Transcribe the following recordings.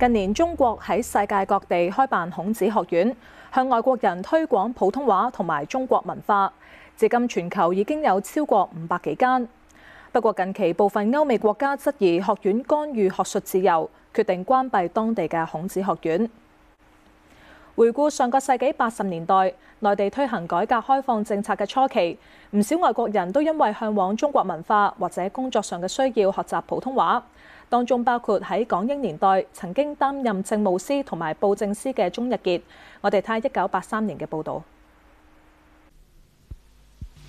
近年，中國喺世界各地開辦孔子學院，向外國人推廣普通話同埋中國文化。至今，全球已經有超過五百幾間。不過，近期部分歐美國家質疑學院干預學術自由，決定關閉當地嘅孔子學院。回顧上個世紀八十年代，內地推行改革開放政策嘅初期，唔少外國人都因為嚮往中國文化或者工作上嘅需要學習普通話。當中包括喺港英年代曾經擔任政務司同埋布政司嘅鍾逸傑。我哋睇一九八三年嘅報道，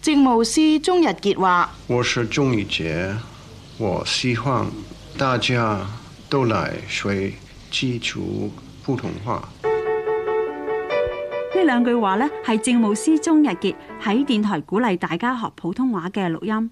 政務司鍾逸傑話：我是鍾逸傑，我希望大家都來學基礎普通話。呢兩句話呢係政務司鍾逸傑喺電台鼓勵大家學普通話嘅錄音。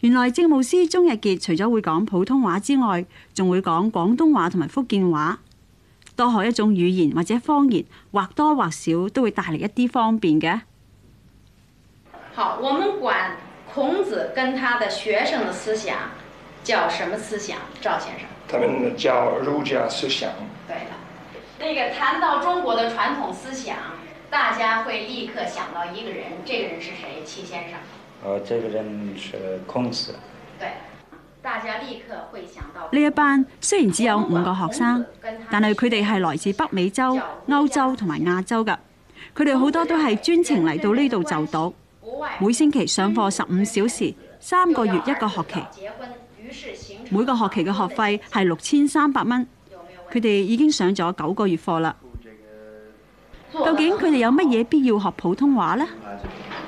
原來政務司鍾逸傑除咗會講普通話之外，仲會講廣東話同埋福建話。多學一種語言或者方言，或多或少都會帶嚟一啲方便嘅。好，我們管孔子跟他的學生的思想叫什麼思想？趙先生。他們叫儒家思想。對了，那個談到中國的傳統思想，大家會立刻想到一個人，這個人是誰？戚先生。我這個人是孔子。對，大家立刻會想到。呢一班雖然只有五個學生，但係佢哋係來自北美洲、歐洲同埋亞洲㗎，佢哋好多都係專程嚟到呢度就讀，每星期上課十五小時，三個月一個學期，每個學期嘅學費係六千三百蚊，佢哋已經上咗九個月課啦。究竟佢哋有乜嘢必要學普通話呢？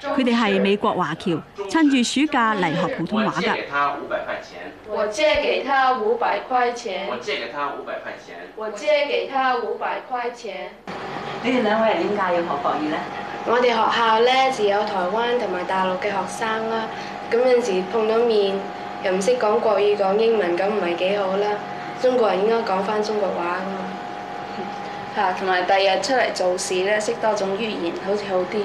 佢哋係美國華僑，趁住暑假嚟學普通話㗎。我借給他五百塊錢。我借給他五百塊錢。我借給他五百塊，塊，塊錢。你哋兩位點解要學國語呢？我哋學校呢，只有台灣同埋大陸嘅學生啦、啊。咁有陣時碰到面，又唔識講國語講英文，咁唔係幾好啦。中國人應該講返中國話㗎、啊、嘛。嚇！同埋第日出嚟做事呢，識多種語言好似好啲。